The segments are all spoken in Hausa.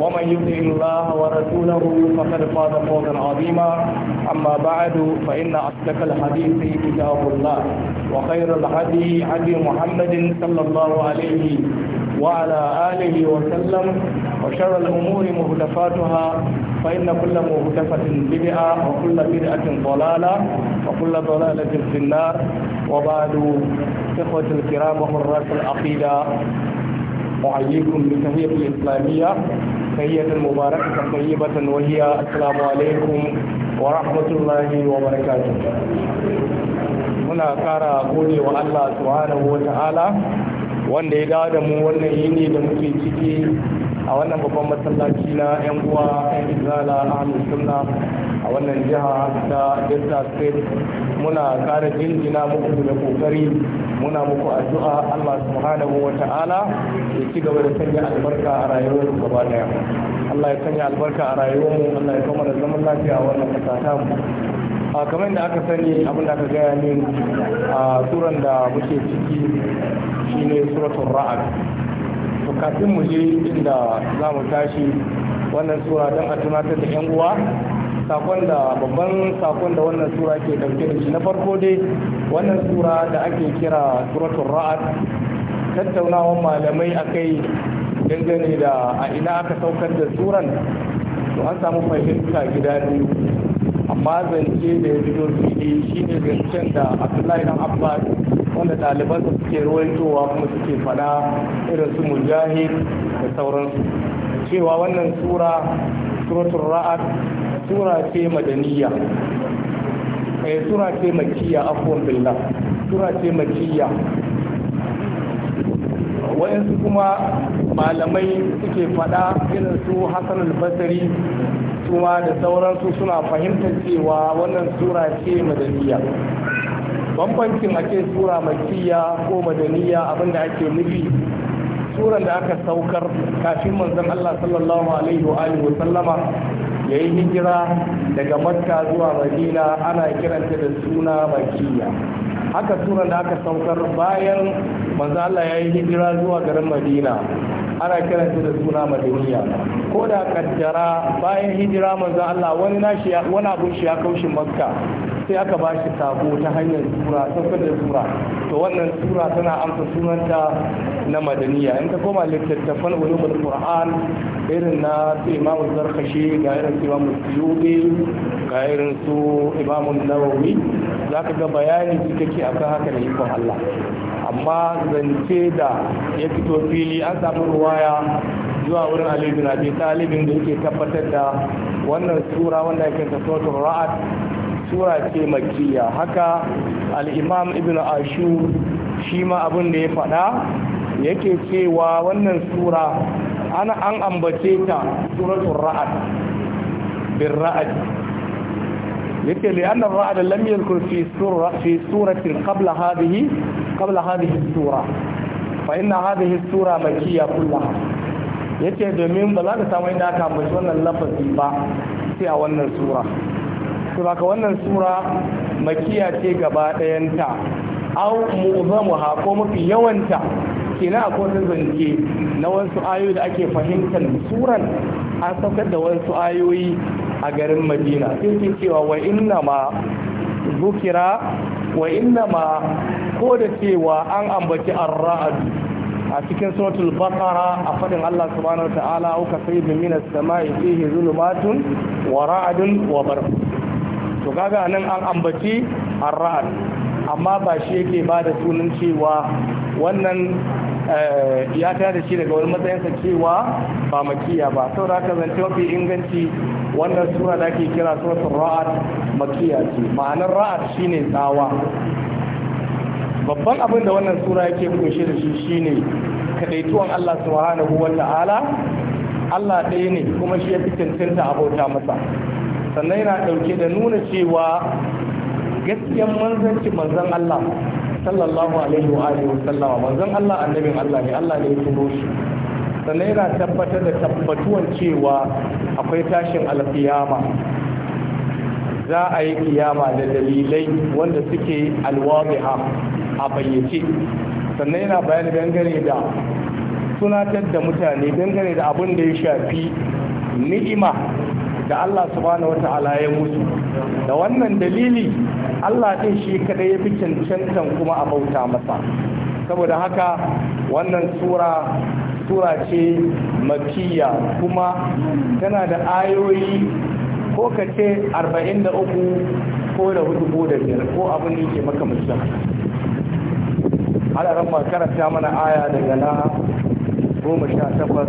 ومن يطع الله ورسوله فقد فاز فوزا عظيما أما بعد فإن أصدق الحديث كتاب الله وخير الهدي هدي محمد صلى الله عليه وعلى آله وسلم وشر الأمور مهدفاتها فإن كل مهدفة بدعة وكل بدعة ضلالة وكل ضلالة في النار وبعد اخوتي الكرام وحراس العقيدة أحييكم بتهيئة الإسلامية تحية مباركة طيبة وهي السلام عليكم ورحمة الله وبركاته muna kara gode wa Allah subhanahu wa ta'ala wanda ya dawo da mu wannan yini da muke ciki a wannan babban masallaci na yan uwa yan izala ahlus sunna a wannan jiha ta delta state muna kara jinjina muku da kokari muna muku addu'a Allah subhanahu wa ta'ala ya ci gaba da sanya albarka a rayuwar gaba daya Allah ya sanya albarka a rayuwar mu Allah ya kama da zaman lafiya a wannan kasa mu a kamar da aka sani abin da aka gaya min a turan da muke ciki shine suratul ra'ad kafin mu je inda za mu tashi wannan sura don a tunatar da 'yan uwa sakon da babban sakon da wannan sura ke dauke da shi na farko dai wannan sura da ake kira suratul ra'ad tattaunawan malamai a kai dangane da a ina aka saukar da suran to an samu fahimta gida biyu amma zance da ya fito shi shine zancen da abdullahi dan abbas wanda ɗaliban su suke ruwaitowa kuma suke faɗa irin su mujahid da sauransu cewa wannan sura suratul ra'ad sura ce madaniya eh sura ce makiyya afwan billah sura ce makiyya wa'ansu kuma malamai suke faɗa irin su hassan albasari suma da sauransu suna fahimtar cewa wannan sura ce madaniya bambancin ake sura makiyya ko madaniya abinda ake nufi suran da aka saukar kafin manzon Allah sallallahu alaihi wa alihi wa sallama yayi hijira daga Makka zuwa Madina ana kiranta da suna makiyya haka suran da aka saukar bayan manzon Allah yayi hijira zuwa garin Madina ana kiranta da suna madaniya ko da kaddara bayan hijira manzon Allah wani nashi wani abun shi ya kaushin Makka sai aka ba shi sabo ta hanyar sura saukar da sura to wannan sura tana amsa sunanta na madaniya in ka koma littattafan ulumul qur'an irin na su imamu zarkashi ga irin su imamu suyubi ga irin su imamu nawawi za ka ga bayani su take a kan haka da ikon allah amma zance da ya fito fili an samu ruwaya zuwa wurin aliyu bin abi talibin da yake tabbatar da wannan sura wanda yake ta suratul ra'ad sura ce makiyya haka al'imam ibn ashu shi ma abin da ya faɗa yake cewa wannan sura ana an ambace ta suratun ra'ad bin ra'ad yake da yannan ra'ad lam yadhkur fi fi suratin qabla hadhihi qabla hadhihi sura fa inna hadhihi sura makiyya kullaha yace domin ba za ka samu inda aka ambaci wannan lafazi ba sai a wannan sura su wannan sura makiya ce gaba ɗayanta au mu'zamu ha ko mafi yawanta kina a kodin zance na wasu ayoyi da ake fahimtar suran an saukar da wasu ayoyi a garin madina sun ce cewa wa inna ma zukira wa inna ma ko da cewa an ambaci ar a cikin suratul baqara a fadin Allah subhanahu wa ta'ala uka sayyidun minas sama'i fihi zulumatun wa ra'dun wa barq to kaga nan an ambaci arra'ad amma ba shi yake ba da sunan cewa wannan eh, ya ta da shi daga wani matsayinsa cewa ba makiya ba saboda aka zance mafi inganci wannan sura da ake kira suratul ra'ad makiya ce ma'anar ra'ad shine tsawa babban abin da wannan sura yake kunshe da shi shine kadaituwan Allah subhanahu wa ta'ala Allah ɗaya ne kuma shi ya fi cancanta bauta masa sannan yana ɗauke da nuna cewa gaskiyan manzanci manzan Allah sallallahu alaihi wa alihi manzan Allah annabin Allah ne Allah ne ya turo shi sannan yana tabbatar da tabbatuwan cewa akwai tashin alfiyama za a yi kiyama da dalilai wanda suke alwabiha a bayyace sannan yana bayani dangane da tunatar da mutane dangane da abin da ya shafi ni'ima da Allah subhanahu wata'ala ya mutu da wannan dalili Allah din shi kaɗai ya fi cancantan kuma a bauta masa saboda haka wannan sura sura ce makiya kuma tana da ayoyi ko ka ce 43 ko da hudu ko da biyar ko abin da yake makamacin halarar karanta mana aya daga na goma sha takwas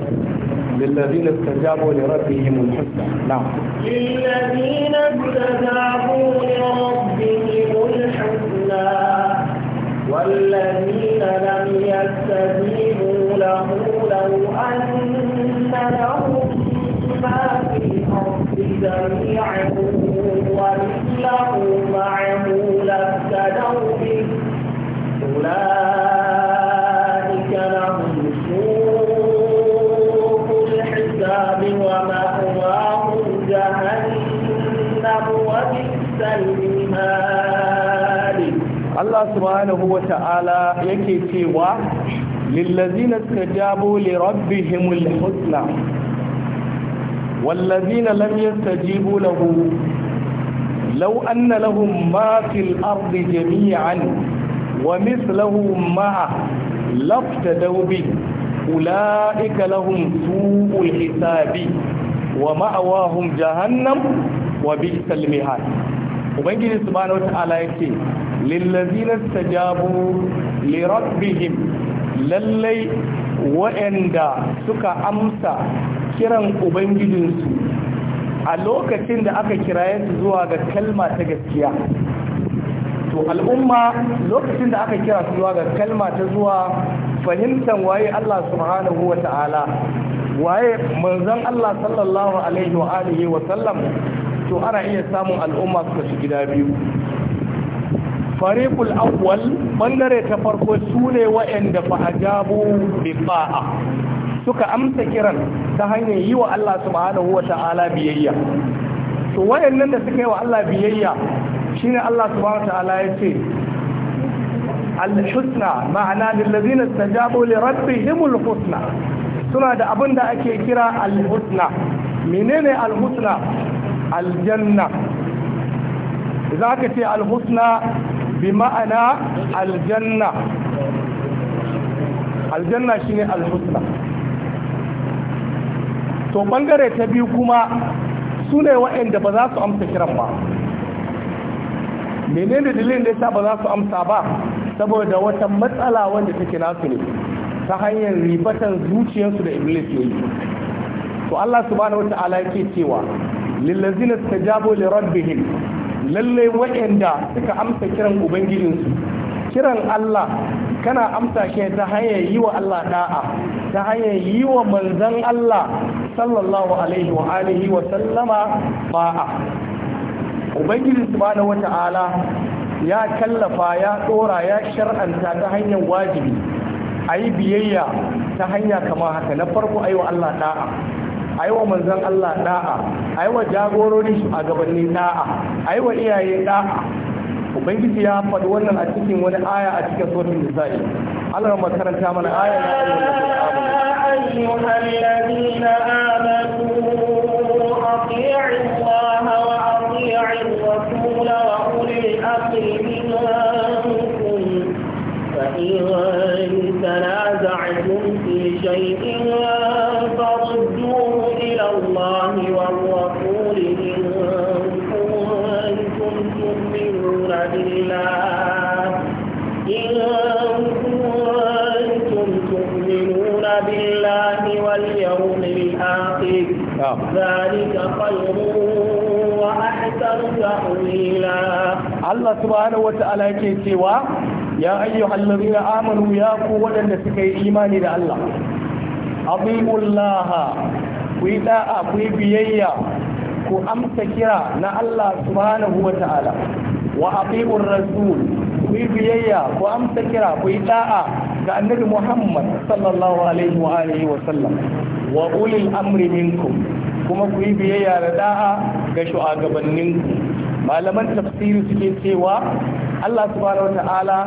للذين استجابوا لربهم الحسنى نعم للذين استجابوا لربهم الحسنى والذين لم يستجيبوا له لو أن لهم ما في الأرض جميعا ومثله معه لافتدوا به أولئك Allah subhanahu wa ta'ala yake cewa lillazina istajabu li rabbihimul husna wallazina lam yastajibu lahu law anna lahum ma fil ardi jami'an wa mithluhu ma'a laftadaw bi ulaika lahum su'ul hisabi wa ma'awahum jahannam wa bi'sal mihad ubangiji subhanahu wata'ala yake lillazina tajabu li rabbihim lallai wa'anda suka amsa kiran ubangijinsu a lokacin da aka kira su zuwa ga kalma ta gaskiya to al'umma lokacin da aka kira su zuwa ga kalma ta zuwa fahimtar waye Allah subhanahu wa ta'ala waye manzon Allah sallallahu alaihi wa alihi wa sallam to ana iya samun al'umma su kashi gida biyu Fariful awwal bangare ta farko sune wa'anda fa ajabu bi ta'a suka amsa kiran ta hanyar yi wa Allah subhanahu wa ta'ala biyayya to wa'annan da suka yi wa Allah biyayya shine Allah subhanahu wa ta'ala ce, al-husna ma'ana lil ladina istajabu li rabbihim al-husna suna da abin da ake kira al-husna menene al-husna aljanna za ka ce alhusna bi ma'ana aljanna aljanna shine alhusna to bangare ta biyu kuma su ne waɗanda ba za su amsa kiran ba menene dalilin da sa ba za su amsa ba saboda wata matsala wanda take nasu ne ta hanyar ribatan zuciyarsu da iblis ne to Allah subhanahu wata'ala yake cewa lillazina tajabu li rabbihim lalle wa'anda suka amsa kiran ubangijinsu kiran Allah kana amsa shi ta hanyar yi wa Allah da'a ta hanyar yi wa manzon Allah sallallahu alaihi wa alihi wa sallama ba'a ubangiji subhanahu wata'ala ya kallafa ya dora ya shar'anta ta hanyar wajibi ayi biyayya ta hanya kama haka na farko ayi wa Allah da'a a yi wa manzan Allah da'a a yi wa jagorori a gabanin da'a a yi wa iyaye da'a ubangiji ya faɗi wannan a cikin wani aya a cikin sautin nisa'i Allah makaranta mana aya na ayyukan da suka subhanahu wata'ala yake cewa ya ayyuhal ladina amanu ya ku waɗanda suka yi imani da Allah abiyullaha ku yi da'a ku yi biyayya ku amsa kira na Allah subhanahu wata'ala wa abiyur rasul ku yi biyayya ku amsa kira ku yi da'a ga annabi Muhammad sallallahu alaihi wa alihi wa sallam wa ulil amri minkum kuma ku yi biyayya da da'a ga shu'agabanninku malaman tafsiri suke cewa Allah subhanahu wata'ala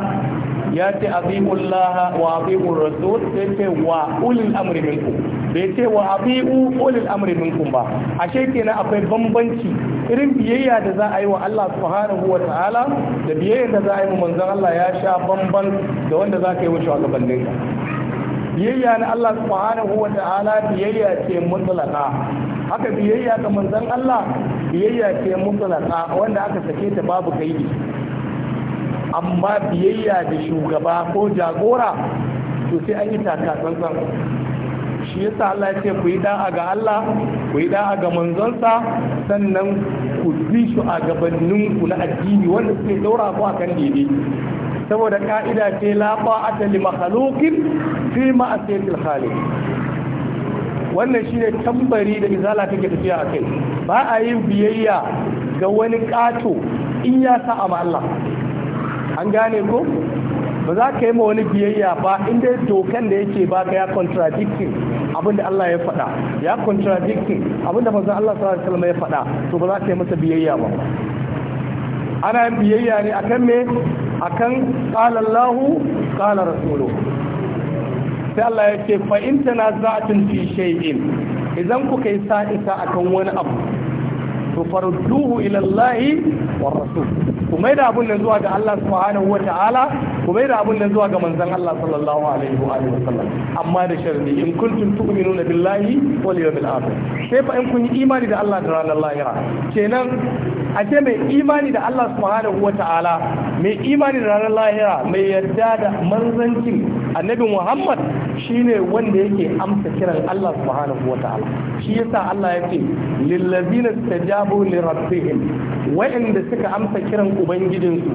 ya ce azimullah wa azimur rasul sai ce wa ulil amri minkum bai ce wa abi'u ulil amri minkum ba ashe kenan akwai bambanci irin biyayya da za a yi wa Allah subhanahu wa ta'ala da biyayya da za a yi wa manzon Allah ya sha bamban da wanda za ka yi wa shugabannin ka biyayya na Allah subhanahu wa ta'ala biyayya ce mutlaka haka biyayya ga manzon Allah biyayya ce mutlaka wanda aka sake ta babu kaidi amma biyayya da shugaba ko jagora to sai an yi taka tsantsan shi yasa Allah ya ce ku yi da'a ga Allah ku yi da'a ga manzonsa sannan ku bi shi a gabanin na addini wanda suke daura ku akan dede saboda ka'ida ce la ba'ata li makhluqin fi ma'asiyatil khaliq wannan shi ne tambari da izala take tafiya a kai ba a yin biyayya ga wani ƙato in ya sa a Allah an gane ko ba za ka yi ma wani biyayya ba inda dokan da yake ba ka ya contradicting abin da Allah ya faɗa ya contradicting abin da manzon Allah sallallahu alaihi ya faɗa to ba za ka yi masa biyayya ba ana yin biyayya ne akan me akan qala Allahu qala rasuluhu sai Allah ya ce fa in tanaza'tum fi shay'in idan kuka yi sa'isa akan wani abu to farduhu ila Allah war rasul ku mai da abun nan zuwa ga Allah subhanahu wataala ku mai da abun nan zuwa ga manzon Allah sallallahu alaihi wa alihi amma da sharri in kuntum tu'minuna billahi wal yawmil akhir sai fa in kun yi imani da Allah da ranar lahira kenan a ce mai imani da Allah subhanahu wataala mai imani da ranar lahira mai yarda da manzancin annabin Muhammad Shi ne wanda yake amsa kiran Allah subhanahu wa ta'ala shi yasa Allah ya ce lillazina tajabu li rabbihim wa'anda suka amsa kiran ubangijinsu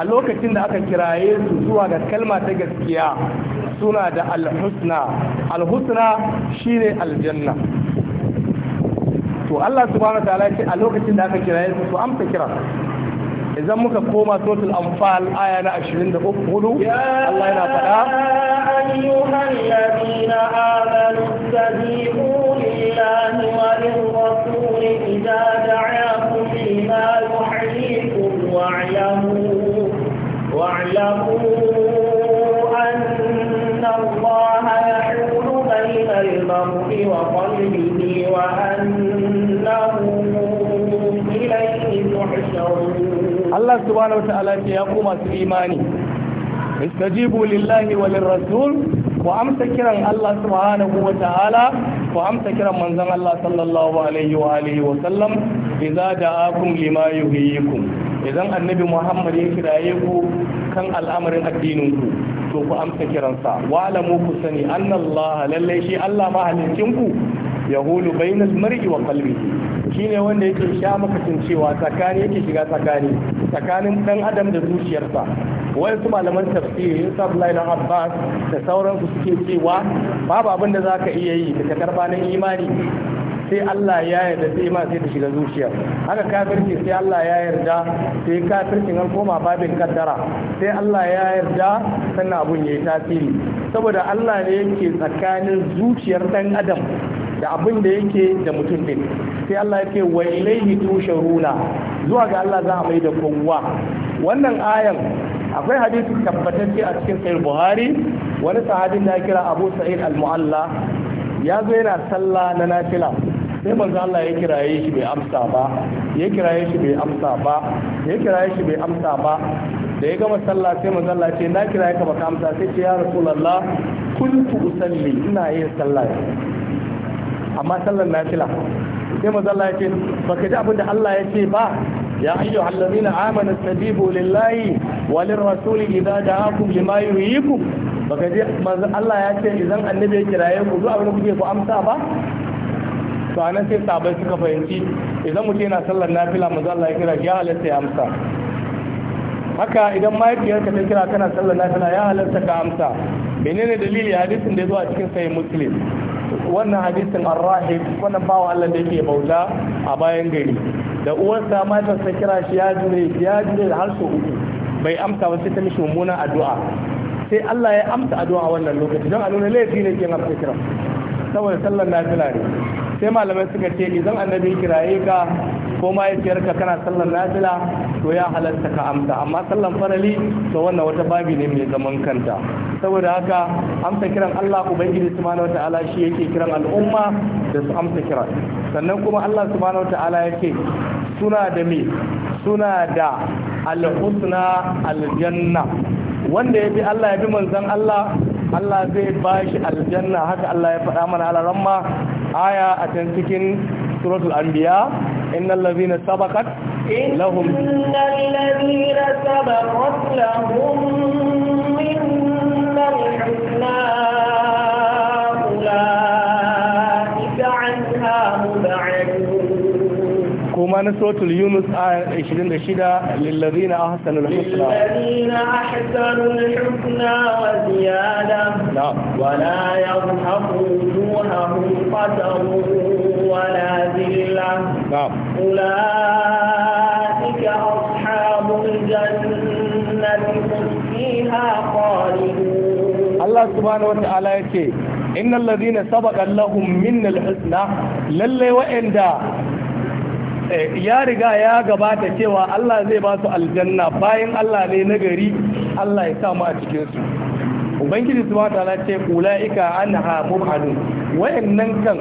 a lokacin da aka kiraye su zuwa ga kalma ta gaskiya suna da alhusna alhusna shine aljanna to Allah subhanahu wa ta'ala ya ce a lokacin da aka kiraye su su amsa kiran إذا مك كوما سورة الأنفال آية أنا أشرين دقوا قولوا الله ينا فلا يا أيها الذين آمنوا استجيبوا لله وللرسول إذا دعاكم لما يحييكم واعلموا واعلموا أن الله يحول بين المرء وقلبه وأنه إليه Allah subhanahu wata'ala ce ya ku su imani istajibu lillahi wa lirrasul ku amsa kiran Allah subhanahu wata'ala ku amsa kiran manzon Allah sallallahu alaihi wa alihi wa sallam idza da'akum lima yuhyikum idan annabi Muhammad ya kiraye ku kan al'amarin addinin ku to ku amsa kiransa wa alamu ku sani annallaha lalle shi Allah mahalikin ku yahulu bainal mar'i wa qalbihi shi ne wanda yake sha makacin cewa tsakani yake shiga tsakani tsakanin dan adam da zuciyarsa wasu malaman tafsiri yin sabulai na abbas da sauransu suke cewa babu abin da za ka iya yi da karba na imani sai Allah ya yarda sai ma sai ta shiga zuciya haka kafirci sai Allah ya yarda sai kafircin an koma babin kaddara sai Allah ya yarda sannan abun yayi tasiri saboda Allah ne yake tsakanin zuciyar dan adam da abin da yake da mutum din sai Allah yake wa ilaihi tusharuna zuwa ga Allah za a mai da kowa wannan ayan akwai hadisi tabbatacce a cikin sahih buhari wani sahabin da kira abu sa'id al-mu'alla ya zo yana sallah na nafila sai manzo Allah ya kiraye shi bai amsa ba ya kiraye shi bai amsa ba ya kiraye shi bai amsa ba da ya gama sallah sai manzo Allah ce na kiraye ka baka amsa sai ce ya rasulullah kuntu usalli ina yin sallah amma sallar na nafila sai manzo Allah ya ce baka ji abin da Allah ya ce ba ya ayyu allazina amanu tabibu lillahi wa lirrasuli idza da'akum lima yuhyikum baka ji manzo Allah ya ce idan annabi ya kiraye ku zuwa abin kuke ku amsa ba to anan sai sabai suka fahimci idan mutum yana sallar nafila manzo Allah ya kira ya halatta ya amsa haka idan mahaifiyarka ta kira kana sallar nafila ya halatta ka amsa menene dalili hadisin da zuwa cikin sahih muslim wannan hadisin arrahib wannan bawa Allah da yake bauta a bayan gari da uwarsa matar ta kira shi ya jure ya jure har sau uku bai amsa ba sai ta mishi mummunan addu'a sai Allah ya amsa addu'a wannan lokaci don a nuna laifi ne ke amsa kira saboda sallar nafila ne sai malamai suka ce idan annabi kiraye ka ko ka kana sallar nafila to ya halatta ka amsa amma sallar farali to wannan wata babi ne mai zaman kanta saboda haka amsa kiran Allah ubangiji subhanahu wataala shi yake kiran al'umma da su amsa kiran sannan kuma Allah subhanahu wataala yake suna da me suna da al aljanna wanda ya Allah ya manzon Allah Allah zai ba shi aljanna haka Allah ya faɗa mana alaran aya a can cikin suratul anbiya إن الذين سبقت لهم إن الذين سبقت لهم منا الحسنى أولئك عنها مبعدون كما سورة اليونس آية 26 للذين أحسنوا الحسنى للذين أحسنوا الحسنى وزيادة نعم ولا يرهق وجوههم قدر ولا ذلة أولئك أصحاب الجنة فيها خالدون الله سبحانه وتعالى يقول إن الذين سبق لهم من الحسنى للي وإن دا ya riga ya gabata cewa Allah zai ba su aljanna bayan Allah ne na gari Allah ya samu a cikinsu ubangiji su mata ce ula'ika an ha Wa'in wayannan kan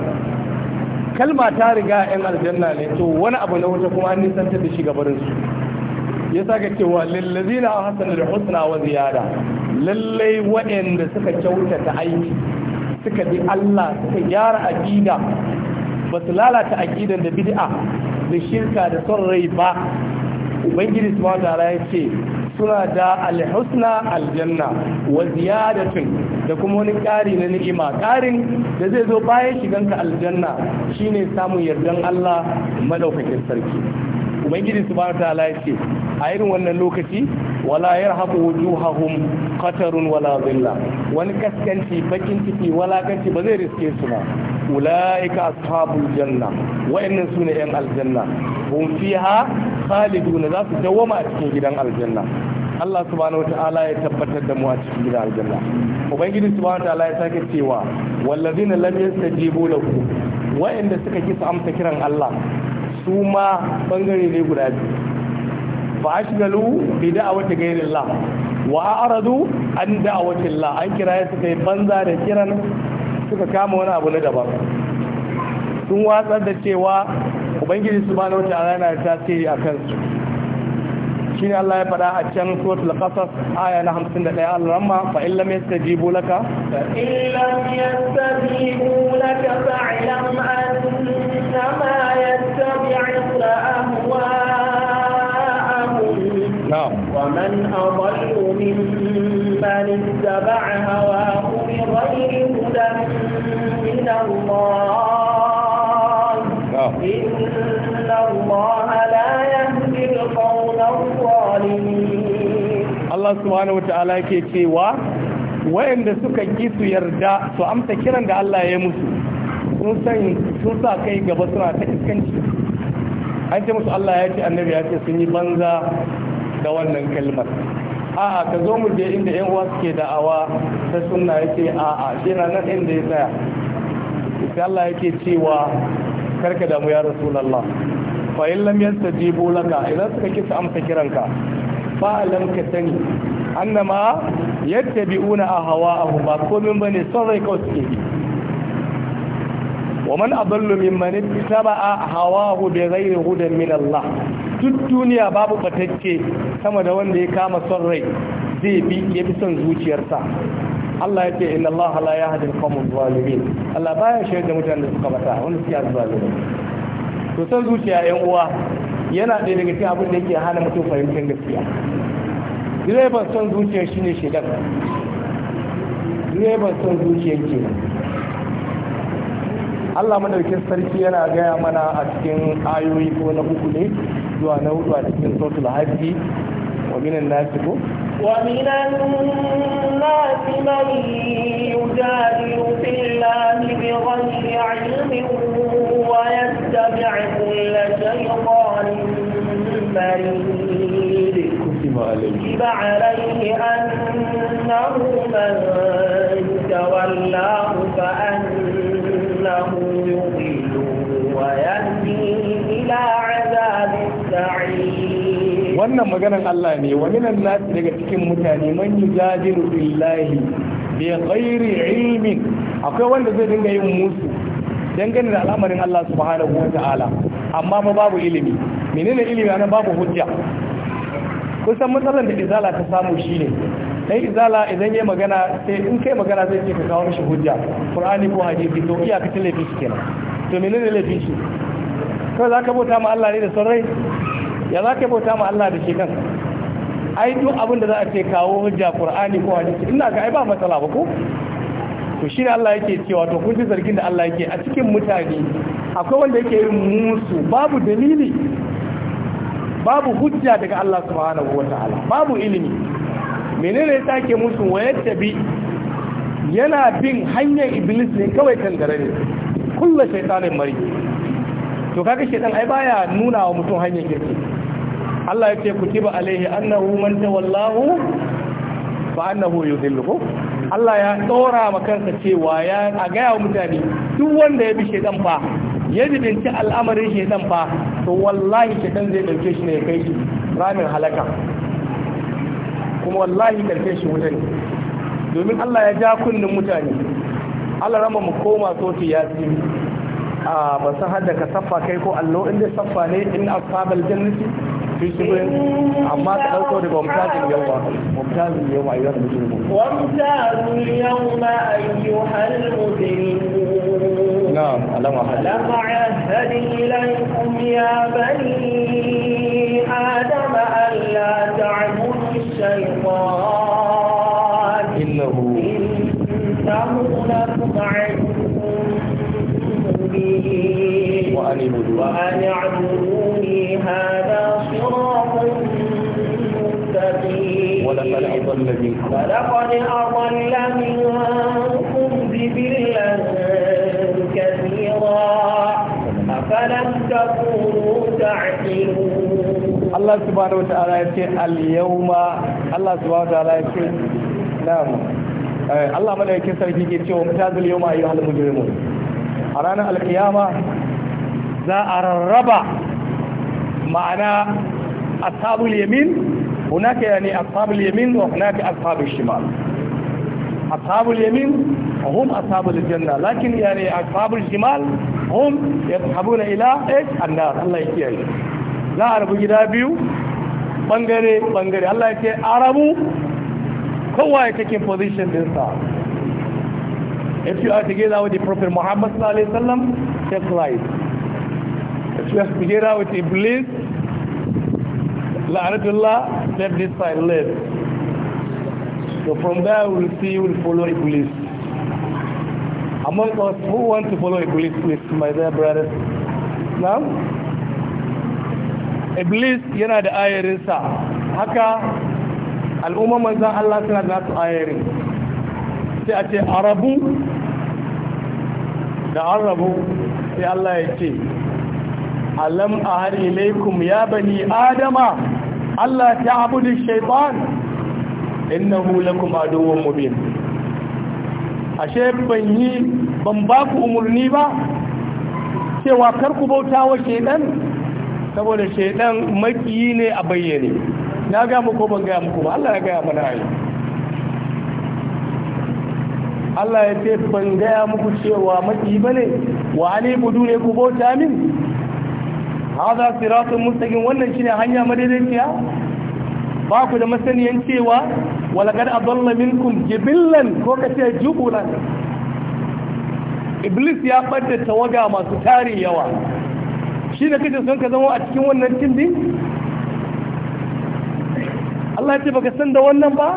kalma ta riga yan aljanna ne to wani abu na wuce kuma an nisantar da shi gabarin su ya sa ka cewa a hasana da husna wa ziyara lallai waɗanda suka kyautata aiki suka bi Allah suka gyara aƙida ba su lalata aƙidan da bid'a da shirka da son rai ba ubangiji subhanahu wa ta'ala ya ce suna da alhusna aljanna wa ziyadatin da kuma wani ƙari na ni'ima ƙarin da zai zo bayan shiganka aljanna shine samun yardan Allah madaukakin sarki ubangiji subhanahu ta'ala ya a irin wannan lokaci wala yarhabu wujuhahum qatarun wala dhilla wani kaskanci bakin ciki wala kanci ba zai riske su ba ulaika ashabul janna wa'annan sune yan aljanna hum fiha khalidun za su dawama a cikin gidan aljanna Allah subhanahu wataala ya tabbatar da mu a cikin gidan aljanna ubangiji subhanahu wataala ya sake cewa wallazina lam yastajibu lahu wa'anda suka kisa amsa kiran Allah su ma bangare ne guda biyu fa ashgalu bi da'awati ghayrillah wa aradu an da'awati Allah an kira suka yi banza da kiran suka kama wani abu na daban sun watsar da cewa ubangiji subhanahu wataala yana tasiri a kansu شيني الله يبدا اتشان سوره القصص ايه 51 الله لما فان لم يستجيبوا لك فان لم يستجيبوا لك فاعلم انما يتبع اهواءهم نعم ومن اضل ممن اتبع هواه بغير هدى من الله نعم Allah subhanahu wataala yake cewa wayanda suka ki su yarda su amsa kiran da Allah ya musu sun san sun sa kai gaba suna ta iskanci an ce musu Allah ya ce annabi ya ce sun yi banza da wannan kalmar a'a ka zo mu je inda yan uwa suke da'awa ta sunna yake a'a shi na nan inda ya tsaya sai Allah yake cewa karka damu ya rasulullah fa illam yastajibu laka idan suka kisa amsa kiranka fa'alam ka sani annama yattabi'una ahwa'ahum ba komin bane son rai kawai suke bi wa man adallu mimman ittaba'a hawahu bighayri hudan min Allah duk duniya babu batacce sama da wanda ya kama son rai zai bi ya bi son zuciyarsa Allah ya ce inna Allah la yahdi al-qawmal zalimin Allah baya shirye da mutanen da suka bata wanda suke azzalimi to san zuciya ƴan uwa yana ɗaya daga cikin abin da yake hana mutum fahimtar gaskiya direban son zuciya shi ne shaidan direban son zuciya ke Allah madaukin sarki yana gaya mana a cikin ayoyi ko na uku ne zuwa na hudu a cikin sautul hajji wa minan nasi ko ومن الناس من يجادل في الله بغير علم ويتبع كل شيطان مريد كتب عليه أنه من تولاه فأنه يضل ويهديه إلى عذاب السعير wannan maganan Allah ne wa minan nasi daga cikin mutane man yujadilu billahi bi ghairi ilmin akwai wanda zai dinga yin musu dangane da al'amarin Allah subhanahu wa ta'ala amma ba babu ilimi menene ilimi anan babu hujja kusan matsalar da izala ta samu shine dan izala idan yayi magana sai in kai magana zai ce ka kawo mishi hujja qur'ani ko hadisi to iya ka tilafi shi kenan to menene lafi shi kai zaka bauta ma Allah ne da son rai ya za ka bauta ma Allah da shi kan? ai duk abin da za a ce kawo hujja Qur'ani ko hadisi ina ga ai ba matsala ba ko to shi ne Allah yake cewa to kun ji zargin da Allah yake a cikin mutane akwai wanda yake yin musu babu dalili babu hujja daga Allah subhanahu wataala babu ilimi menene ya sake musu wayattabi yana bin hanyar iblis ne kawai kan gare ne kullu shaytanin mari to kaga shaytan ai baya nuna wa mutum hanyar kirki Allah ya ce ku kutiba alaihi annahu man tawallahu fa annahu yudhilluhu Allah ya tsora ma kansa cewa ya a ga ya mutane duk wanda ya bi shedan fa ya jibinci al'amarin shedan fa to wallahi shedan zai dauke shi ne ya kai shi ramin halaka kuma wallahi karfe shi wajen. domin Allah ya ja kunnin mutane Allah rama mu koma soti ya ci a ah, ba san hadda ka saffa kai ko allo inda saffa ne in asabal jannati فيسبل عما تقلتوا لممتاز اليوم ممتاز اليوم أيها المجرمون اليوم أيها المجرمون نعم ألم أعهد ألم أعهد إليكم يا بني آدم ألا تعبدوا الشيطان إنه إنه لكم عدو مبين وأن اعبدوا أضل منكم ولقد أضل منكم جبلا كثيرا أفلم تكونوا تعقلون الله سبحانه وتعالى يقول اليوم الله سبحانه وتعالى يقول نعم Allah madaukakin sarki ke cewa mutazil yau ma ayyuhal mujrimun a ranar alkiyama za a rarraba ma'ana ashabul yamin هناك يعني أصحاب اليمين وهناك أصحاب الشمال أصحاب اليمين هم أصحاب الجنة لكن يعني أصحاب الشمال هم يذهبون إلى إيش النار الله يكيه لا أعرف جدا بيو بانجري بانجري الله يكيه أعرفوا kowa ya taking position dinsa if you are together with the prophet muhammad صلى الله عليه وسلم just like if you are together with iblis لعنة الله left this side left so from there we'll see will follow Iblis among us who want to follow Iblis please my dear brothers now Iblis yana da sir. haka al'umman manzan Allah said da nasu ayarin sai a ce arabu da arabu sai Allah ya ce alam a ilaykum ilaikum ya bani adama Allah ta abudu shaitan innahu lakum aduwwun mubin ashe ban yi ban ba ku umarni ba cewa kar ku bauta wa shaitan saboda shaitan makiyi ne a bayyane na ga muku ban ga muku ba Allah ya ga mana yi. Allah ya ce ban ga muku cewa makiyi bane wa ani budu ne ku bauta min haza siratun mustaqim wannan shine hanya madaidaiciya ba ku da masaniyan cewa walaqad adalla minkum jibillan ko kace jubulan iblis ya bada tawaga masu tari yawa shi kace son ka zama a cikin wannan tindi Allah ya ce baka san da wannan ba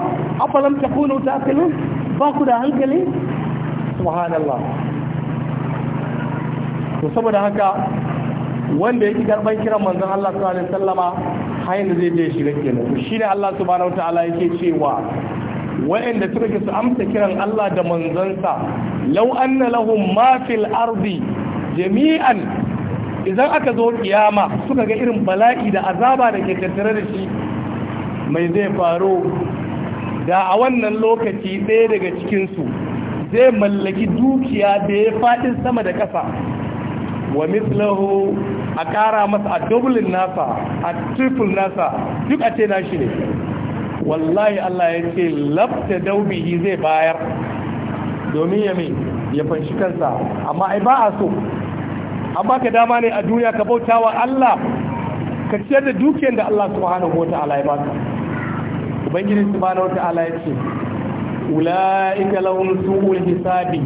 afalam takunu taqilun ba ku da hankali subhanallah to saboda haka wanda yake karban kiran manzon Allah sallallahu alaihi wasallama har da zai je shiga kenan to shine Allah subhanahu wataala yake cewa wa'anda suka ke su amsa kiran Allah da manzonsa law anna lahum ma fil ardi jami'an idan aka zo kiyama suka ga irin bala'i da azaba da ke tattare da shi mai zai faru da a wannan lokaci ɗaya daga cikinsu zai mallaki dukiya da ya faɗin sama da ƙasa wa mislahu a ƙara masa a dublin nasa a triple nasa duk a ce nashi ne wallahi Allah ya ce labta daubihi zai bayar domin ya mai ya fanshi kansa amma ai ba a so Amma baka dama ne a duniya ka bauta wa Allah ka ciyar da dukiyar da Allah subhanahu wa ta'ala ya baka ubangiji subhanahu wa ta'ala ya ce ulaika lahum su'ul hisabi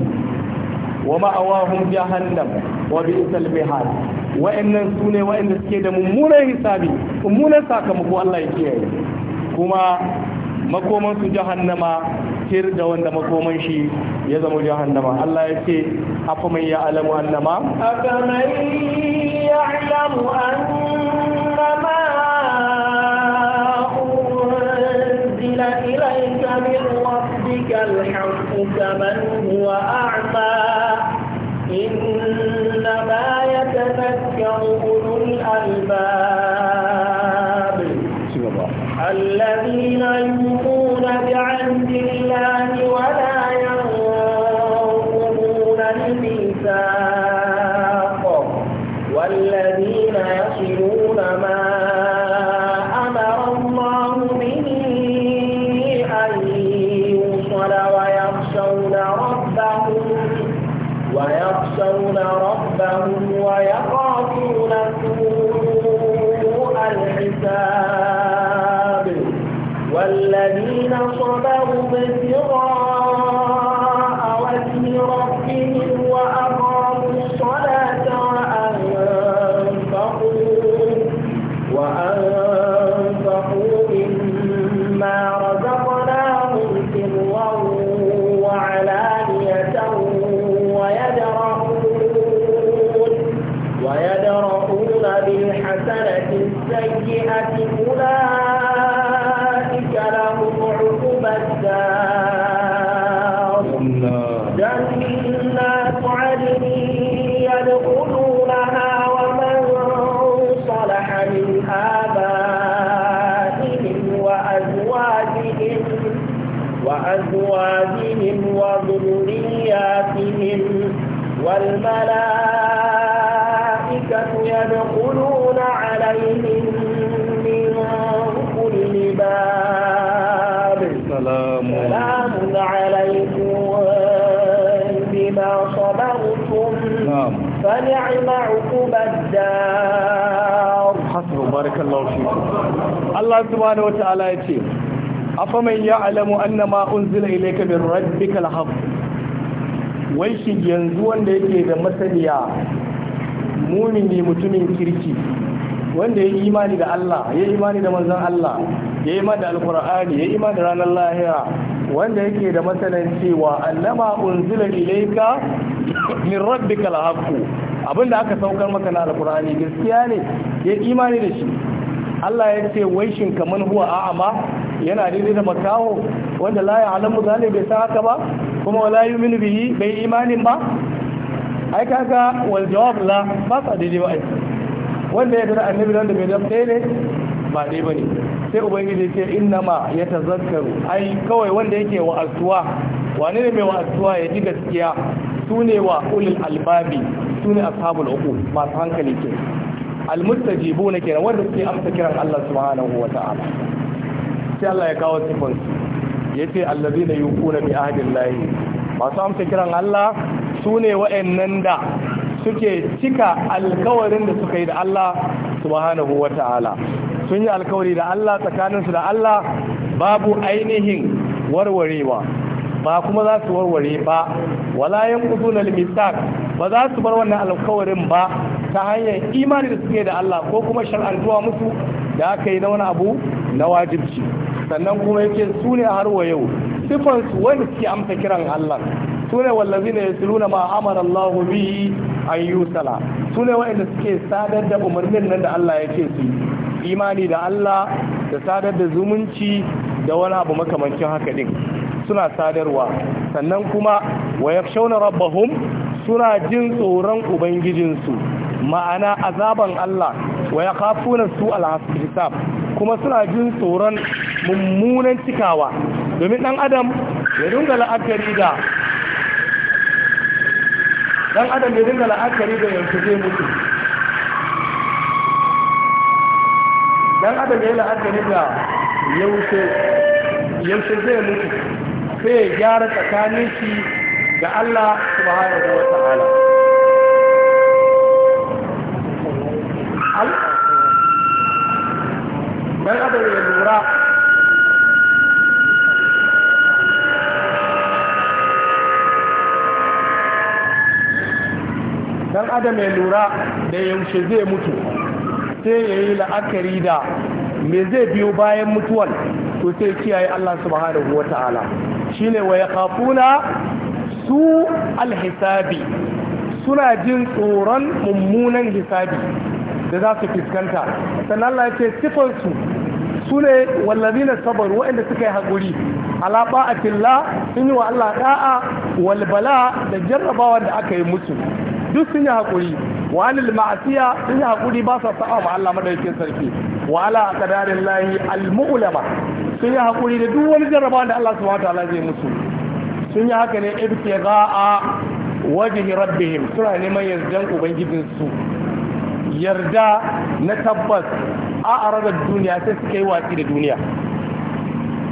wa ma'awahum jahannam wa bi'sal mihad wa'annan su ne wa'anda suke da mummunan hisabi mummunan sakamako Allah ya kiyaye kuma makoman su jahannama tir da wanda makoman shi ya zama jahannama Allah ya ce afa man ya alamu annama afa man ya alamu annama unzila ilayka min rabbika al-haqqu kaman huwa a'ma يذكر أولو الألباب kuma yake yawa subhanahu ta'ala ya ce afaman ya'lamu annama unzila ilayka min rabbikal haqq wai shi yanzu wanda yake da masaniya mumini mutumin kirki wanda ya imani da Allah ya imani da manzon Allah ya imani da alqur'ani ya imani da ranar lahira wanda yake da masanan cewa annama unzila ilayka min rabbikal haqq abinda aka saukar maka na alqur'ani gaskiya ne ya imani da shi Allah ya ce wai shin kaman huwa a'ama yana daidai da makaho wanda la ya alamu zalim bai san haka ba kuma wala yu'minu bihi bai imanin ba ai kaga wal jawab la ba sa daidai ba wanda ya da annabi wanda bai sai ne ba dai bane sai ubangiji ce inna ma ya tazakkaru ai kawai wanda yake wa'azuwa wane ne mai wa'azuwa ya ji gaskiya sune wa ulul albabi sune ashabul uqul masu hankali ke nake kenan wanda suke amsa kiran Allah subhanahu wa ta'ala sai Allah ya kawo sifan su yace allazina yuquna bi ahdillahi masu amsa kiran Allah sune wa'annan da suke cika alkawarin da suka yi da Allah subhanahu wa ta'ala sun yi alkawari da Allah tsakaninsu da Allah babu ainihin warwarewa ba kuma za su warware ba wala yanquduna al ba za su bar wannan alkawarin ba ta hanyar imani da suke da Allah ko kuma shar'antuwa musu da aka yi na wani abu na wajibci sannan kuma yake su ne har wa yau su wanda suke amsa kiran Allah su ne wallazi ne yasiluna ma amara Allah bihi an yusala su ne wanda suke sadar da umarnin nan da Allah ya ce su imani da Allah da sadar da zumunci da wani abu makamancin haka din suna sadarwa sannan kuma wa yakshawna rabbahum suna jin tsoron ubangijinsu ma'ana azaban Allah wa ya kafuna su alhasab kuma suna jin tsoron mummunan cikawa domin ɗan adam ya dinga la'akari da ɗan adam ya dunga la'akari da yanku zai mutu ɗan adam ya yi la'akari da yaushe zai mutu sai ya gyara tsakanin shi ga Allah subhanahu wata ala dan adam ya lura da yaushe zai mutu sai ya yi la'akari da me zai biyo bayan mutuwan to sai kiyaye Allah subhanahu wa ta'ala shine wa kafuna su alhisabi suna jin tsoron mummunan hisabi da za su fiskanta sannan Allah ya ce sifansu su ne wallazi na sabar waɗanda suka yi haƙuri a ba'atillah sun yi wa Allah da'a walbala, da jarrabawa da aka yi musu duk sun yi haƙuri wa anil ma'asiya sun yi haƙuri ba sa sa'a ma Allah madaukakin sarki wa ala qadarin lahi al mu'lama sun yi haƙuri da duk wani jarrabawa da Allah subhanahu wa ta'ala zai musu sun yi haka ne ibtiga'a wajhi rabbihim suna neman yardan ubangijinsu yarda na tabbas a a duniya sai suka yi watsi da duniya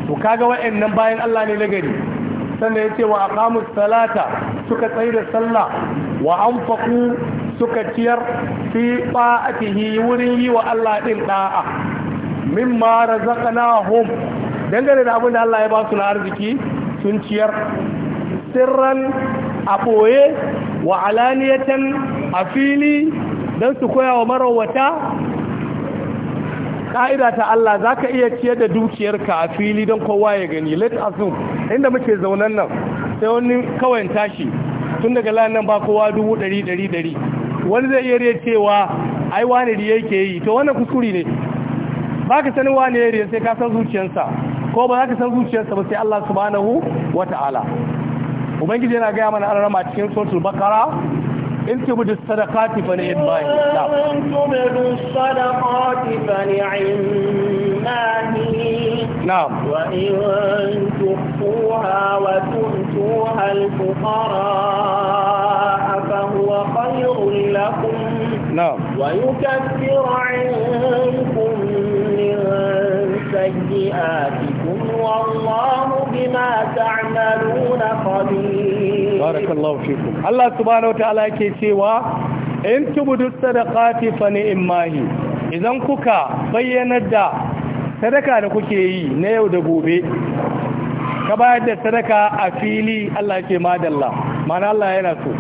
to kaga wa'annan bayan Allah ne na gari sannan ya ce wa aqamus salata suka tsaye da sallah wa anfaqu suka ciyar fi ta'atihi wurin yi wa Allah din da'a mimma razaqnahum dangane da abin da Allah ya ba su na arziki sun ciyar sirran a ɓoye wa alaniyatan a fili don su koya wa marawata Ka'ida ta Allah za ka iya ciyar da dukiyarka a fili don kowa ya gani let assume inda muke zaunan nan sai wani kawai tashi tun daga lanan ba kowa dubu ɗari ɗari ɗari wani zai iya cewa ai wani riya yake yi to wannan kuskure ne ba ka sani wani ya sai ka san zuciyarsa ko ba za ka san zuciyarsa ba sai Allah subhanahu wa ta'ala ubangiji yana gaya mana an rama cikin suratul bakara إن تبدو الصدقات فنعم ما هي الصدقات فنعم ما هي نعم وإن تخفوها وتؤتوها الفقراء فهو خير لكم نعم ويكفر عنكم من سيئاتكم allah بما تعملون خبير بارك الله فيكم الله سبحانه وتعالى ke cewa in tubudu sadaqati fa idan kuka bayyanar da sadaka da kuke yi na yau da gobe ka bayar da sadaka a fili Allah ke madalla mana Allah yana so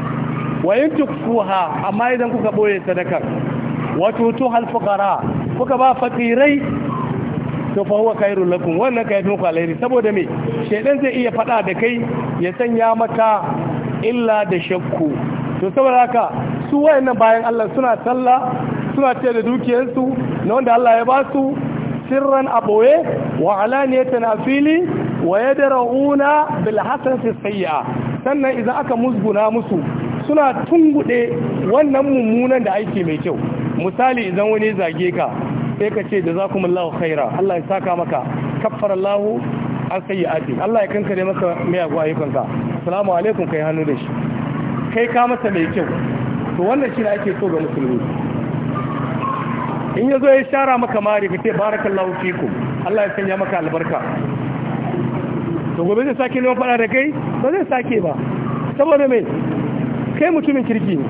wa in tukfuha amma idan kuka boye sadakar wato tu hal fuqara kuka ba fakirai to fa huwa khairul lakum wannan kai fin alheri saboda me shedan zai iya fada da kai ya sanya maka illa da shakku to saboda haka su wayannan bayan Allah suna sallah suna ce da dukiyarsu na wanda Allah ya ba su sirran aboye wa alaniyatan afili wa yadra'una bil hasanati sayyi'a sannan idan aka musguna musu suna tungude wannan mummunan da aiki mai kyau misali idan wani zage ka sai ka ce da za ku jazakumullahu khaira Allah ya saka maka Allah an sayyi'ati Allah ya kankare maka miyagun ayyukanka assalamu alaikum kai hannu da shi kai ka masa mai kyau to wannan shi ne ake so ga musulmi in yazo ya shara maka mari ka ce barakallahu fikum Allah ya sanya maka albarka to gobe zai sake ne fara da kai ba zai sake ba saboda me kai mutumin kirki ne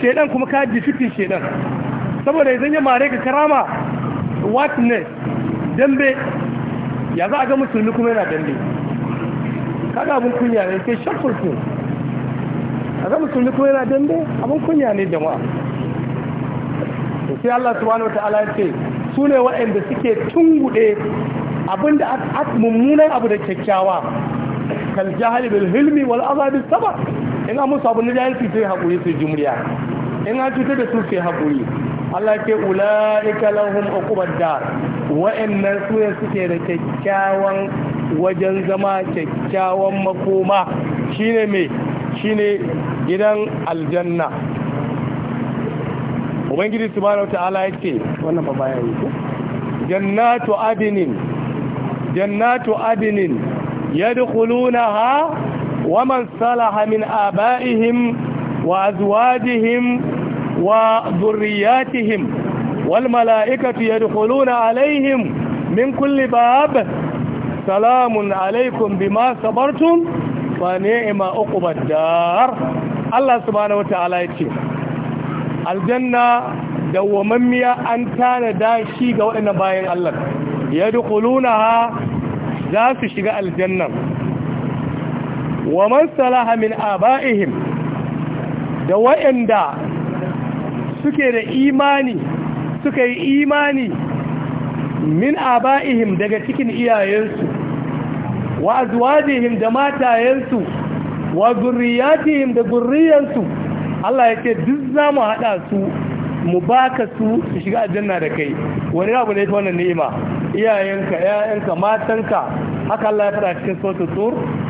shedan kuma ka ji fitin shedan saboda idan ya mare ka karama what dambe ya za a ga musulmi kuma yana dambe kada abin kunya ne sai shakul a ga musulmi kuma yana dambe abin kunya ne jama'a sai Allah subhanahu wa ta'ala ce su ne waɗanda suke tunguɗe abinda mummunan abu da kyakkyawa kal jahali bil hilmi wal azabi saba, in an musu abu na jahilci sai haƙuri sai jumriya in an cutar da su sai haƙuri Allah ke ula'ika lahum uqubad dar wa'annan su ne suke da kyakkyawan wajen zama kyakkyawan makoma shine me shine gidan aljanna ubangiji subhanahu ta'ala yake wannan ba baya yi jannatu adinin jannatu adinin yadkhulunaha wa man salaha min abaihim wa azwajihim وذرياتهم والملائكة يدخلون عليهم من كل باب سلام عليكم بما صبرتم فنعم عقب الدار الله سبحانه وتعالى يتي الجنة دومميا أن كان داشي ga waɗannan bayan Allah yadkhulunaha za su shiga aljanna wa man salaha min abaihim da waɗanda suke da imani suka yi imani min aba'ihim daga cikin iyayensu wa azwajihim da matayensu wa zurriyatihim da zurriyansu Allah ya ce duk za mu haɗa su mu baka su su shiga aljanna da kai wani abu ne ta wannan ni'ima iyayenka yayanka matanka haka Allah ya fara cikin sautu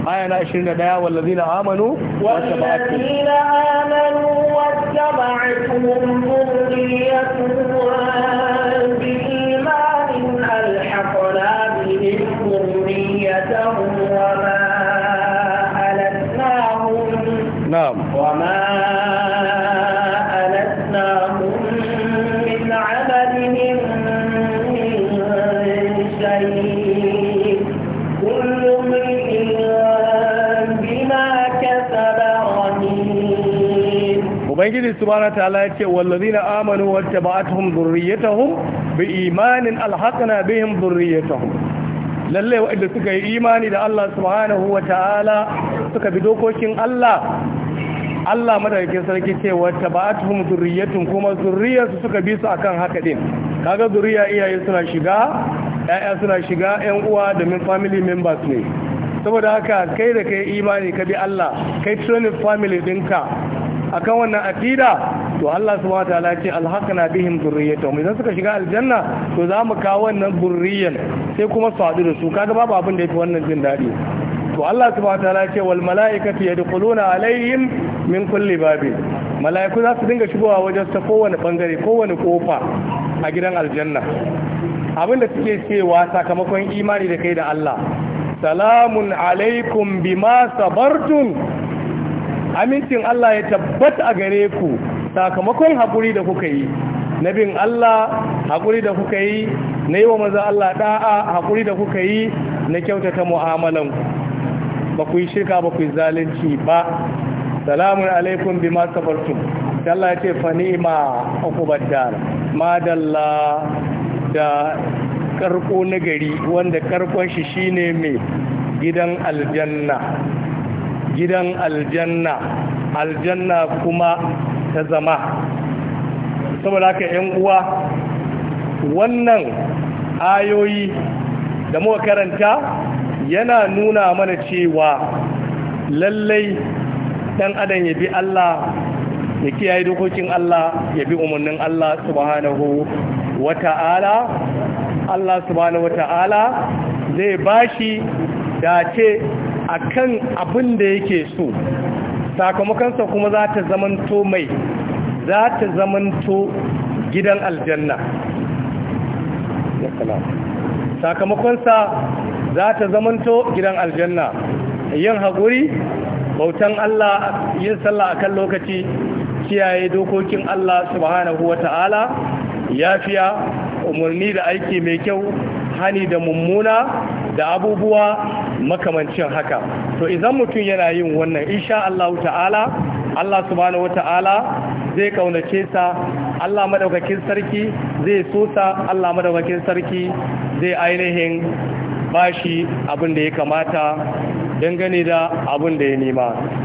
aya na 21 wallazina amanu wallazina amanu wattaba'atuhum dhurriyyatuhum ubangiji subhanahu ta'ala yace wallazina amanu wattaba'atuhum dhurriyyatuhum biimanin alhaqna bihim dhurriyyatuhum lalle wa'anda suka yi imani da Allah subhanahu ta'ala suka bi dokokin Allah Allah madaukakin sarki ce wattaba'atuhum dhurriyyatun kuma zurriyarsu suka bi su akan haka din kaga zurriya iyaye suna shiga ƴaƴa suna shiga ƴan uwa da min family members ne saboda haka kai da kai imani ka bi Allah kai training family dinka akan wannan akida to Allah subhanahu wataala ce alhaqna bihim zurriyatuhum idan suka shiga aljanna to za mu kawo wannan zurriyan sai kuma su haɗu da su kaga babu abin da yake wannan jin daɗi to Allah subhanahu wataala ce wal mala'ikatu yadkhuluna alaihim min kulli babin mala'iku za su dinga shigowa wajen ta kowane bangare kowane kofa a gidan aljanna abinda suke cewa sakamakon imani da kai da Allah salamun alaikum bima sabartum amincin Allah ya tabbata a gare ku sakamakon haƙuri da kuka yi na bin Allah haƙuri da kuka yi na yi wa maza Allah ɗa'a haƙuri da kuka yi na kyautata mu'amalan ba ku yi shirka ba ku yi zalunci ba salamun alaikum bi ma sabartum Allah ya ce fa ni'ma uqubad Ma madalla da karko nagari wanda karkon shi shine mai gidan aljanna gidan aljanna aljanna kuma ta zama saboda haka ‘yan uwa wannan ayoyi da muka karanta yana nuna mana cewa lallai ɗan adam ya bi Allah ya kiyaye dokokin Allah ya bi umarnin Allah subhanahu wa Allah subhanahu wa zai bashi dace akan abin da yake so sakamakonsa kuma za ta zamanto mai za ta zamanto gidan aljanna sakamakonsa za ta zamanto gidan aljanna yin haƙuri bautan Allah yin sallah kan lokaci kiyaye dokokin Allah subhanahu wa ta'ala yafiya umarni da aiki mai kyau hani da mummuna da abubuwa makamancin haka to idan mutum yana yin wannan insha Allah ta'ala Allah subhanahu wata'ala zai kaunace sa Allah madaukakin sarki zai so sa Allah madaukakin sarki zai ainihin bashi abin da ya kamata dangane da abin da ya nema